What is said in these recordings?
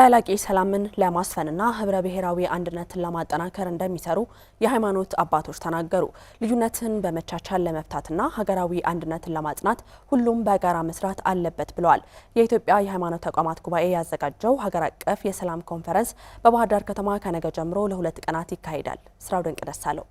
ዘላቂ ሰላምን ለማስፈንና ህብረ ብሔራዊ አንድነትን ለማጠናከር እንደሚሰሩ የሃይማኖት አባቶች ተናገሩ። ልዩነትን በመቻቻል ለመፍታትና ሀገራዊ አንድነትን ለማጽናት ሁሉም በጋራ መስራት አለበት ብለዋል። የኢትዮጵያ የሃይማኖት ተቋማት ጉባኤ ያዘጋጀው ሀገር አቀፍ የሰላም ኮንፈረንስ በባህር ዳር ከተማ ከነገ ጀምሮ ለሁለት ቀናት ይካሄዳል። ስራው ድንቅ ደሳለው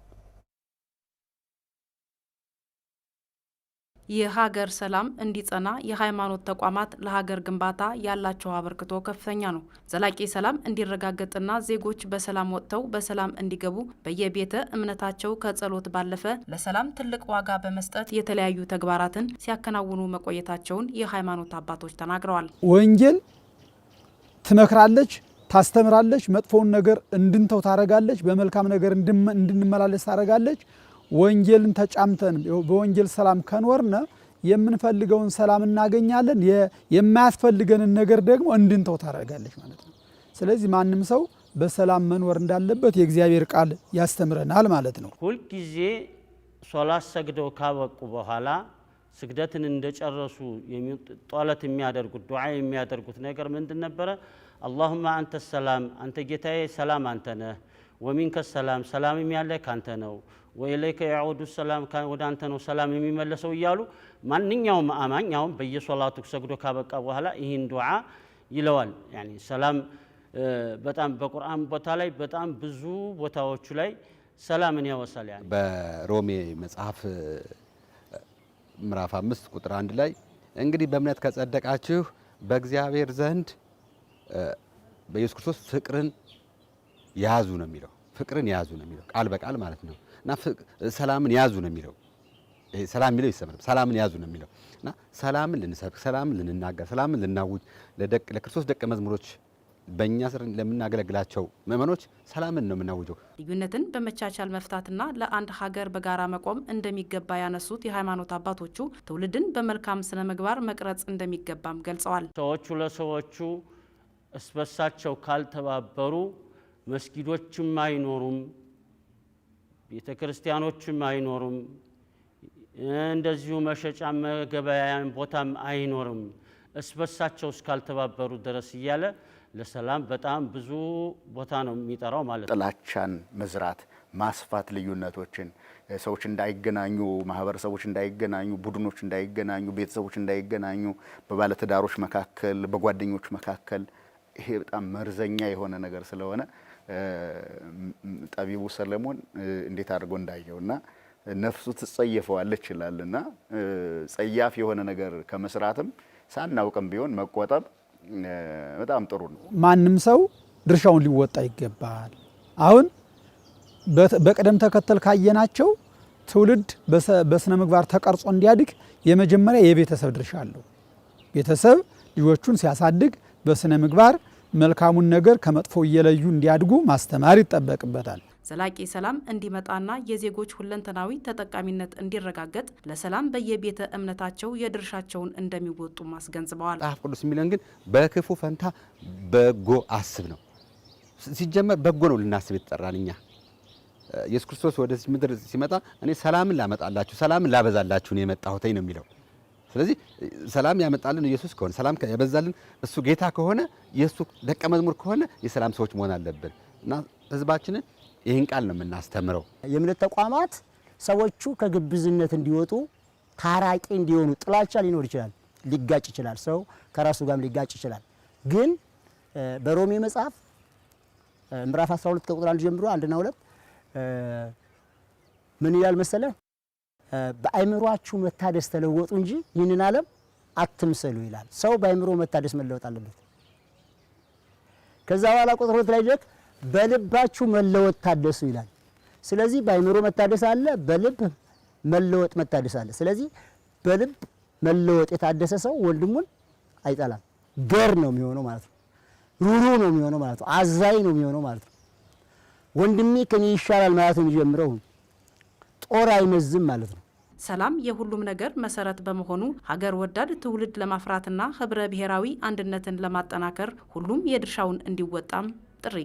የሀገር ሰላም እንዲጸና የሃይማኖት ተቋማት ለሀገር ግንባታ ያላቸው አበርክቶ ከፍተኛ ነው። ዘላቂ ሰላም እንዲረጋገጥና ዜጎች በሰላም ወጥተው በሰላም እንዲገቡ በየቤተ እምነታቸው ከጸሎት ባለፈ ለሰላም ትልቅ ዋጋ በመስጠት የተለያዩ ተግባራትን ሲያከናውኑ መቆየታቸውን የሃይማኖት አባቶች ተናግረዋል። ወንጌል ትመክራለች፣ ታስተምራለች፣ መጥፎውን ነገር እንድንተው ታረጋለች፣ በመልካም ነገር እንድንመላለስ ታረጋለች። ወንጌልን ተጫምተን በወንጌል ሰላም ከኖርነ የምንፈልገውን ሰላም እናገኛለን። የማያስፈልገንን ነገር ደግሞ እንድንተው ታደርጋለች ማለት ነው። ስለዚህ ማንም ሰው በሰላም መኖር እንዳለበት የእግዚአብሔር ቃል ያስተምረናል ማለት ነው። ሁልጊዜ ሶላት ሰግደው ካበቁ በኋላ ስግደትን እንደጨረሱ ጦለት የሚያደርጉት ዱዓ የሚያደርጉት ነገር ምንድን ነበረ? አላሁማ አንተ ሰላም፣ አንተ ጌታዬ ሰላም አንተ ነህ። ወሚንከ ሰላም፣ ሰላም ያለህ ካንተ ነው ወኢለይከ ያዑዱ ሰላም ወደ አንተ ነው ሰላም የሚመለሰው እያሉ ማንኛውም አማኝ አሁን በየሶላቱ ሰግዶ ካበቃ በኋላ ይህን ዱዓ ይለዋል። ሰላም በጣም በቁርአን ቦታ ላይ በጣም ብዙ ቦታዎቹ ላይ ሰላምን ያወሳል። በሮሜ መጽሐፍ ምዕራፍ አምስት ቁጥር አንድ ላይ እንግዲህ በእምነት ከጸደቃችሁ በእግዚአብሔር ዘንድ በኢየሱስ ክርስቶስ ፍቅርን ያዙ ነው የሚለው ፍቅርን ያዙ ነው የሚለው ቃል በቃል ማለት ነው እና ሰላምን ያዙ ነው የሚለው ሰላም የሚለው ይሰማል። ሰላምን ያዙ ነው የሚለው እና ሰላምን ልንሰብክ፣ ሰላምን ልንናገር፣ ሰላምን ልናውጅ ለክርስቶስ ደቀ መዝሙሮች በእኛ ስር ለምናገለግላቸው ምእመኖች ሰላምን ነው የምናውጀው። ልዩነትን በመቻቻል መፍታትና ለአንድ ሀገር በጋራ መቆም እንደሚገባ ያነሱት የሃይማኖት አባቶቹ ትውልድን በመልካም ስነ ምግባር መቅረጽ እንደሚገባም ገልጸዋል። ሰዎቹ ለሰዎቹ እስበሳቸው ካልተባበሩ መስጊዶችም አይኖሩም፣ ቤተ ክርስቲያኖችም አይኖሩም። እንደዚሁ መሸጫ መገበያያን ቦታም አይኖርም እስበሳቸው እስካልተባበሩ ድረስ እያለ ለሰላም በጣም ብዙ ቦታ ነው የሚጠራው ማለት ነው። ጥላቻን መዝራት፣ ማስፋት፣ ልዩነቶችን ሰዎች እንዳይገናኙ፣ ማህበረሰቦች እንዳይገናኙ፣ ቡድኖች እንዳይገናኙ፣ ቤተሰቦች እንዳይገናኙ፣ በባለትዳሮች መካከል፣ በጓደኞች መካከል ይሄ በጣም መርዘኛ የሆነ ነገር ስለሆነ ጠቢቡ ሰለሞን እንዴት አድርጎ እንዳየው እና ነፍሱ ትጸየፈዋለች ይላል እና ጸያፍ የሆነ ነገር ከመስራትም ሳናውቅም ቢሆን መቆጠብ በጣም ጥሩ ነው። ማንም ሰው ድርሻውን ሊወጣ ይገባል። አሁን በቅደም ተከተል ካየናቸው ትውልድ በስነ ምግባር ተቀርጾ እንዲያድግ የመጀመሪያ የቤተሰብ ድርሻ አለው። ቤተሰብ ልጆቹን ሲያሳድግ በስነ ምግባር መልካሙን ነገር ከመጥፎ እየለዩ እንዲያድጉ ማስተማር ይጠበቅበታል። ዘላቂ ሰላም እንዲመጣና የዜጎች ሁለንተናዊ ተጠቃሚነት እንዲረጋገጥ ለሰላም በየቤተ እምነታቸው የድርሻቸውን እንደሚወጡ አስገንዝበዋል። መጽሐፍ ቅዱስ የሚለን ግን በክፉ ፈንታ በጎ አስብ ነው። ሲጀመር በጎ ነው ልናስብ የተጠራን እኛ። ኢየሱስ ክርስቶስ ወደዚህ ምድር ሲመጣ እኔ ሰላምን ላመጣላችሁ፣ ሰላምን ላበዛላችሁ ነው የመጣሁት ነው የሚለው ስለዚህ ሰላም ያመጣልን ኢየሱስ ከሆነ ሰላም ያበዛልን እሱ ጌታ ከሆነ የእሱ ደቀ መዝሙር ከሆነ የሰላም ሰዎች መሆን አለብን እና ህዝባችንን ይህን ቃል ነው የምናስተምረው። የእምነት ተቋማት ሰዎቹ ከግብዝነት እንዲወጡ፣ ታራቂ እንዲሆኑ። ጥላቻ ሊኖር ይችላል፣ ሊጋጭ ይችላል፣ ሰው ከራሱ ጋርም ሊጋጭ ይችላል። ግን በሮሜ መጽሐፍ ምዕራፍ 12 ከቁጥር 1 ጀምሮ አንድና ሁለት ምን ይላል መሰለ በአእምሯችሁ መታደስ ተለወጡ እንጂ ይህንን ዓለም አትምሰሉ ይላል። ሰው በአእምሮ መታደስ መለወጥ አለበት። ከዛ በኋላ ቁጥር ሁለት ላይ ደግ በልባችሁ መለወጥ ታደሱ ይላል። ስለዚህ በአይምሮ መታደስ አለ፣ በልብ መለወጥ መታደስ አለ። ስለዚህ በልብ መለወጥ የታደሰ ሰው ወንድሙን አይጠላም፣ ገር ነው የሚሆነው ማለት ነው። ሩሩ ነው የሚሆነው ማለት ነው። አዛኝ ነው የሚሆነው ማለት ነው። ወንድሜ ከኔ ይሻላል ማለት ነው የሚጀምረው ጦር አይመዝም ማለት ነው። ሰላም የሁሉም ነገር መሰረት በመሆኑ ሀገር ወዳድ ትውልድ ለማፍራትና ህብረ ብሔራዊ አንድነትን ለማጠናከር ሁሉም የድርሻውን እንዲወጣም ጥሪ